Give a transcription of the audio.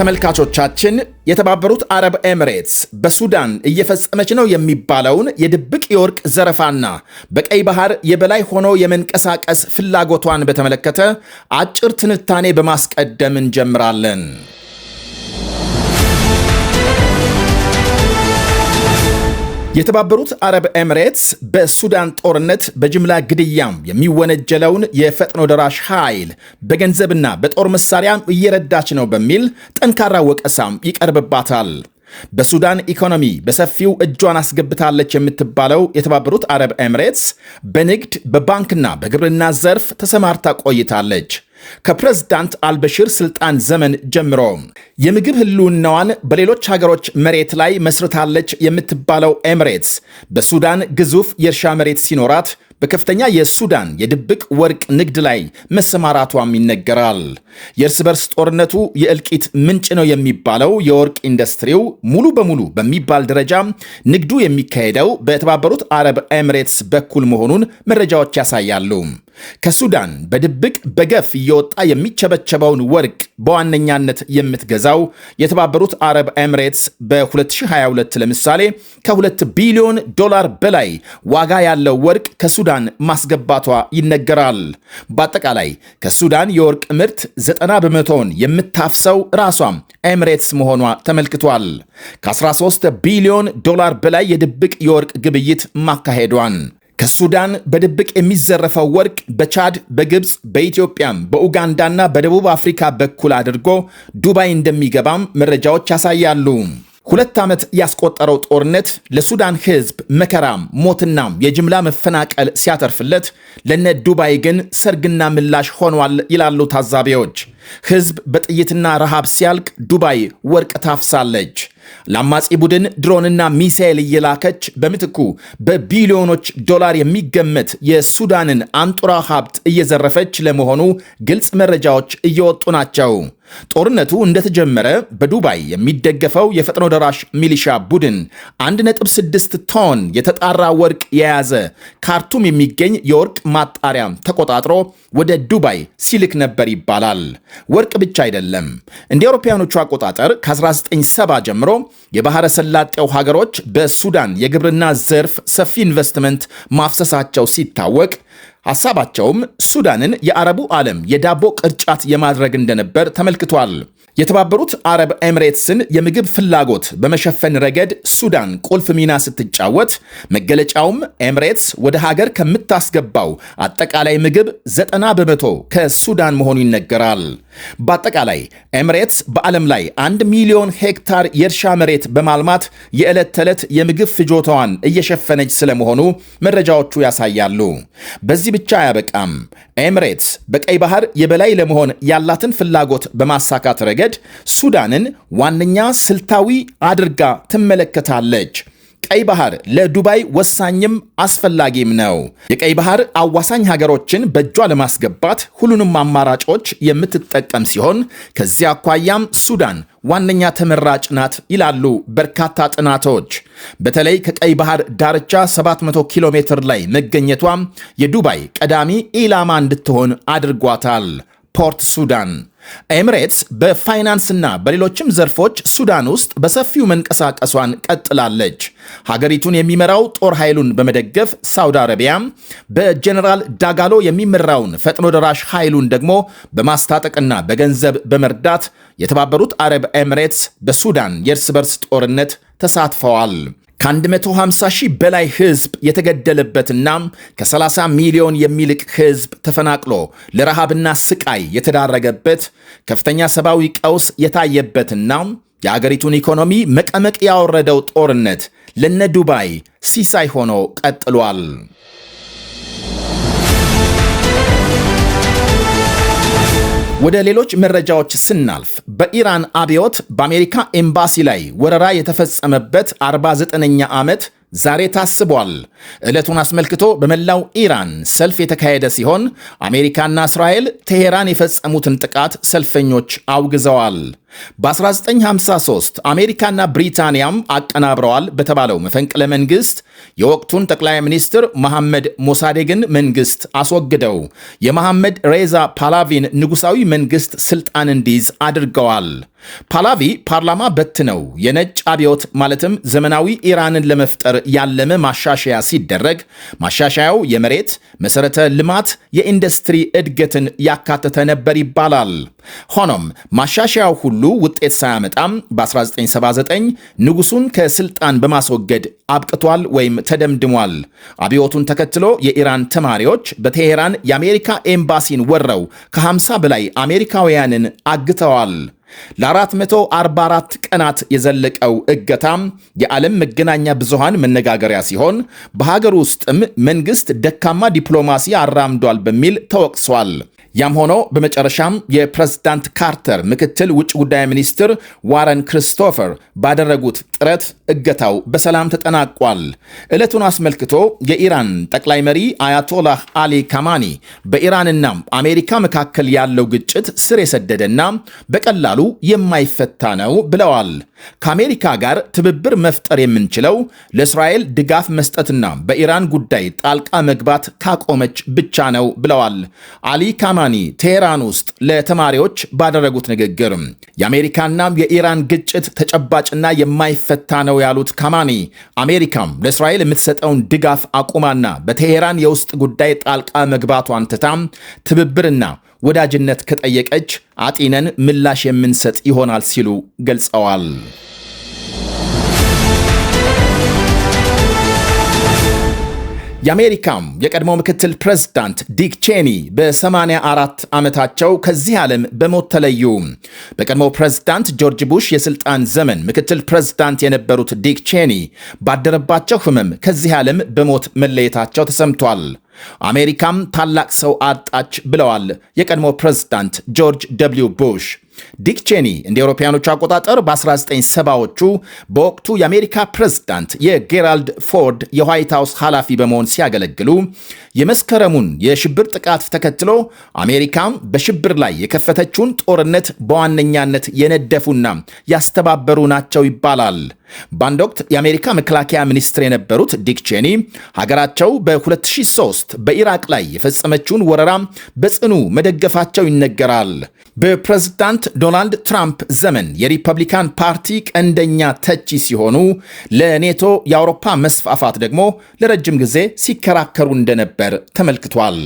ተመልካቾቻችን የተባበሩት አረብ ኤምሬትስ በሱዳን እየፈጸመች ነው የሚባለውን የድብቅ የወርቅ ዘረፋና በቀይ ባህር የበላይ ሆኖ የመንቀሳቀስ ፍላጎቷን በተመለከተ አጭር ትንታኔ በማስቀደም እንጀምራለን። የተባበሩት አረብ ኤምሬትስ በሱዳን ጦርነት በጅምላ ግድያም የሚወነጀለውን የፈጥኖ ደራሽ ኃይል በገንዘብና በጦር መሳሪያም እየረዳች ነው በሚል ጠንካራ ወቀሳም ይቀርብባታል። በሱዳን ኢኮኖሚ በሰፊው እጇን አስገብታለች የምትባለው የተባበሩት አረብ ኤምሬትስ በንግድ በባንክና በግብርና ዘርፍ ተሰማርታ ቆይታለች። ከፕሬዝዳንት አልበሽር ስልጣን ዘመን ጀምሮ የምግብ ህልውናዋን በሌሎች ሀገሮች መሬት ላይ መስርታለች የምትባለው ኤምሬትስ በሱዳን ግዙፍ የእርሻ መሬት ሲኖራት በከፍተኛ የሱዳን የድብቅ ወርቅ ንግድ ላይ መሰማራቷም ይነገራል። የእርስ በርስ ጦርነቱ የእልቂት ምንጭ ነው የሚባለው የወርቅ ኢንዱስትሪው ሙሉ በሙሉ በሚባል ደረጃ ንግዱ የሚካሄደው በተባበሩት አረብ ኤምሬትስ በኩል መሆኑን መረጃዎች ያሳያሉ። ከሱዳን በድብቅ በገፍ እየወጣ የሚቸበቸበውን ወርቅ በዋነኛነት የምትገዛው የተባበሩት አረብ ኤምሬትስ በ2022 ለምሳሌ ከ2 ቢሊዮን ዶላር በላይ ዋጋ ያለው ወርቅ ከሱዳን ማስገባቷ ይነገራል። በአጠቃላይ ከሱዳን የወርቅ ምርት 90 በመቶውን የምታፍሰው ራሷ ኤምሬትስ መሆኗ ተመልክቷል። ከ13 ቢሊዮን ዶላር በላይ የድብቅ የወርቅ ግብይት ማካሄዷን ከሱዳን በድብቅ የሚዘረፈው ወርቅ በቻድ፣ በግብፅ፣ በኢትዮጵያም በኡጋንዳና በደቡብ አፍሪካ በኩል አድርጎ ዱባይ እንደሚገባም መረጃዎች ያሳያሉ። ሁለት ዓመት ያስቆጠረው ጦርነት ለሱዳን ሕዝብ መከራም ሞትናም የጅምላ መፈናቀል ሲያተርፍለት ለነ ዱባይ ግን ሰርግና ምላሽ ሆኗል ይላሉ ታዛቢዎች። ሕዝብ በጥይትና ረሃብ ሲያልቅ ዱባይ ወርቅ ታፍሳለች። ለአማጺ ቡድን ድሮንና ሚሳኤል እየላከች በምትኩ በቢሊዮኖች ዶላር የሚገመት የሱዳንን አንጡራ ሀብት እየዘረፈች ለመሆኑ ግልጽ መረጃዎች እየወጡ ናቸው። ጦርነቱ እንደተጀመረ በዱባይ የሚደገፈው የፈጥኖ ደራሽ ሚሊሻ ቡድን 1.6 ቶን የተጣራ ወርቅ የያዘ ካርቱም የሚገኝ የወርቅ ማጣሪያም ተቆጣጥሮ ወደ ዱባይ ሲልክ ነበር ይባላል። ወርቅ ብቻ አይደለም። እንደ አውሮፓውያኖቹ አቆጣጠር ከ1970 ጀምሮ የባህረ ሰላጤው ሀገሮች በሱዳን የግብርና ዘርፍ ሰፊ ኢንቨስትመንት ማፍሰሳቸው ሲታወቅ ሐሳባቸውም ሱዳንን የአረቡ ዓለም የዳቦ ቅርጫት የማድረግ እንደነበር ተመልክቷል። የተባበሩት አረብ ኤምሬትስን የምግብ ፍላጎት በመሸፈን ረገድ ሱዳን ቁልፍ ሚና ስትጫወት መገለጫውም ኤምሬትስ ወደ ሀገር ከምታስገባው አጠቃላይ ምግብ ዘጠና በመቶ ከሱዳን መሆኑ ይነገራል። በአጠቃላይ ኤምሬትስ በዓለም ላይ አንድ ሚሊዮን ሄክታር የእርሻ መሬት በማልማት የዕለት ተዕለት የምግብ ፍጆታዋን እየሸፈነች ስለመሆኑ መረጃዎቹ ያሳያሉ። በዚህ ብቻ አያበቃም። ኤምሬትስ በቀይ ባህር የበላይ ለመሆን ያላትን ፍላጎት በማሳካት ረገድ ሱዳንን ዋነኛ ስልታዊ አድርጋ ትመለከታለች። ቀይ ባህር ለዱባይ ወሳኝም አስፈላጊም ነው። የቀይ ባህር አዋሳኝ ሀገሮችን በእጇ ለማስገባት ሁሉንም አማራጮች የምትጠቀም ሲሆን ከዚያ አኳያም ሱዳን ዋነኛ ተመራጭ ናት ይላሉ በርካታ ጥናቶች። በተለይ ከቀይ ባህር ዳርቻ 700 ኪሎ ሜትር ላይ መገኘቷ የዱባይ ቀዳሚ ኢላማ እንድትሆን አድርጓታል። ፖርት ሱዳን ኤምሬትስ በፋይናንስና በሌሎችም ዘርፎች ሱዳን ውስጥ በሰፊው መንቀሳቀሷን ቀጥላለች። ሀገሪቱን የሚመራው ጦር ኃይሉን በመደገፍ ሳውዲ አረቢያ፣ በጀኔራል ዳጋሎ የሚመራውን ፈጥኖ ደራሽ ኃይሉን ደግሞ በማስታጠቅና በገንዘብ በመርዳት የተባበሩት አረብ ኤምሬትስ በሱዳን የእርስ በርስ ጦርነት ተሳትፈዋል። ከ150 ሺህ በላይ ህዝብ የተገደለበትና ከ30 ሚሊዮን የሚልቅ ህዝብ ተፈናቅሎ ለረሃብና ስቃይ የተዳረገበት ከፍተኛ ሰብአዊ ቀውስ የታየበትና የአገሪቱን ኢኮኖሚ መቀመቅ ያወረደው ጦርነት ለነ ዱባይ ሲሳይ ሆኖ ቀጥሏል። ወደ ሌሎች መረጃዎች ስናልፍ በኢራን አብዮት በአሜሪካ ኤምባሲ ላይ ወረራ የተፈጸመበት 49ኛ ዓመት ዛሬ ታስቧል። ዕለቱን አስመልክቶ በመላው ኢራን ሰልፍ የተካሄደ ሲሆን አሜሪካና እስራኤል ቴሄራን የፈጸሙትን ጥቃት ሰልፈኞች አውግዘዋል። በ1953 አሜሪካና ብሪታንያም አቀናብረዋል በተባለው መፈንቅለ መንግሥት የወቅቱን ጠቅላይ ሚኒስትር መሐመድ ሞሳዴግን መንግሥት አስወግደው የመሐመድ ሬዛ ፓላቪን ንጉሳዊ መንግስት ስልጣን እንዲይዝ አድርገዋል። ፓላቪ ፓርላማ በትነው የነጭ አብዮት ማለትም ዘመናዊ ኢራንን ለመፍጠር ያለመ ማሻሻያ ሲደረግ ማሻሻያው የመሬት መሰረተ ልማት፣ የኢንዱስትሪ እድገትን ያካተተ ነበር ይባላል። ሆኖም ማሻሻያው ሁሉ ሁሉ ውጤት ሳያመጣም በ1979 ንጉሱን ከስልጣን በማስወገድ አብቅቷል ወይም ተደምድሟል። አብዮቱን ተከትሎ የኢራን ተማሪዎች በቴሄራን የአሜሪካ ኤምባሲን ወረው ከ50 በላይ አሜሪካውያንን አግተዋል። ለ444 ቀናት የዘለቀው እገታም የዓለም መገናኛ ብዙሃን መነጋገሪያ ሲሆን በሀገር ውስጥም መንግሥት ደካማ ዲፕሎማሲ አራምዷል በሚል ተወቅሷል። ያም ሆኖ በመጨረሻም የፕሬዝዳንት ካርተር ምክትል ውጭ ጉዳይ ሚኒስትር ዋረን ክሪስቶፈር ባደረጉት ጥረት እገታው በሰላም ተጠናቋል። ዕለቱን አስመልክቶ የኢራን ጠቅላይ መሪ አያቶላህ አሊ ካማኒ በኢራንና አሜሪካ መካከል ያለው ግጭት ስር የሰደደና በቀላሉ የማይፈታ ነው ብለዋል። ከአሜሪካ ጋር ትብብር መፍጠር የምንችለው ለእስራኤል ድጋፍ መስጠትና በኢራን ጉዳይ ጣልቃ መግባት ካቆመች ብቻ ነው ብለዋል አሊ ካማኒ ኬማኒ ቴሄራን ውስጥ ለተማሪዎች ባደረጉት ንግግር የአሜሪካና የኢራን ግጭት ተጨባጭና የማይፈታ ነው ያሉት ካማኒ አሜሪካም ለእስራኤል የምትሰጠውን ድጋፍ አቁማና በቴሄራን የውስጥ ጉዳይ ጣልቃ መግባቷን ትታ ትብብርና ወዳጅነት ከጠየቀች አጢነን ምላሽ የምንሰጥ ይሆናል ሲሉ ገልጸዋል። የአሜሪካም የቀድሞ ምክትል ፕሬዝዳንት ዲክ ቼኒ በ84 ዓመታቸው ከዚህ ዓለም በሞት ተለዩ። በቀድሞ ፕሬዝዳንት ጆርጅ ቡሽ የሥልጣን ዘመን ምክትል ፕሬዝዳንት የነበሩት ዲክ ቼኒ ባደረባቸው ሕመም ከዚህ ዓለም በሞት መለየታቸው ተሰምቷል። አሜሪካም ታላቅ ሰው አጣች ብለዋል የቀድሞ ፕሬዝዳንት ጆርጅ ደብሊው ቡሽ። ዲክ ቼኒ እንደ አውሮፓውያኖቹ አቆጣጠር በ1970ዎቹ በወቅቱ የአሜሪካ ፕሬዝዳንት የጌራልድ ፎርድ የዋይት ሃውስ ኃላፊ በመሆን ሲያገለግሉ የመስከረሙን የሽብር ጥቃት ተከትሎ አሜሪካም በሽብር ላይ የከፈተችውን ጦርነት በዋነኛነት የነደፉና ያስተባበሩ ናቸው ይባላል። በአንድ ወቅት የአሜሪካ መከላከያ ሚኒስትር የነበሩት ዲክ ቼኒ ሀገራቸው በ2003 በኢራቅ ላይ የፈጸመችውን ወረራ በጽኑ መደገፋቸው ይነገራል። በፕሬዝዳንት ዶናልድ ትራምፕ ዘመን የሪፐብሊካን ፓርቲ ቀንደኛ ተቺ ሲሆኑ፣ ለኔቶ የአውሮፓ መስፋፋት ደግሞ ለረጅም ጊዜ ሲከራከሩ እንደነበር ተመልክቷል።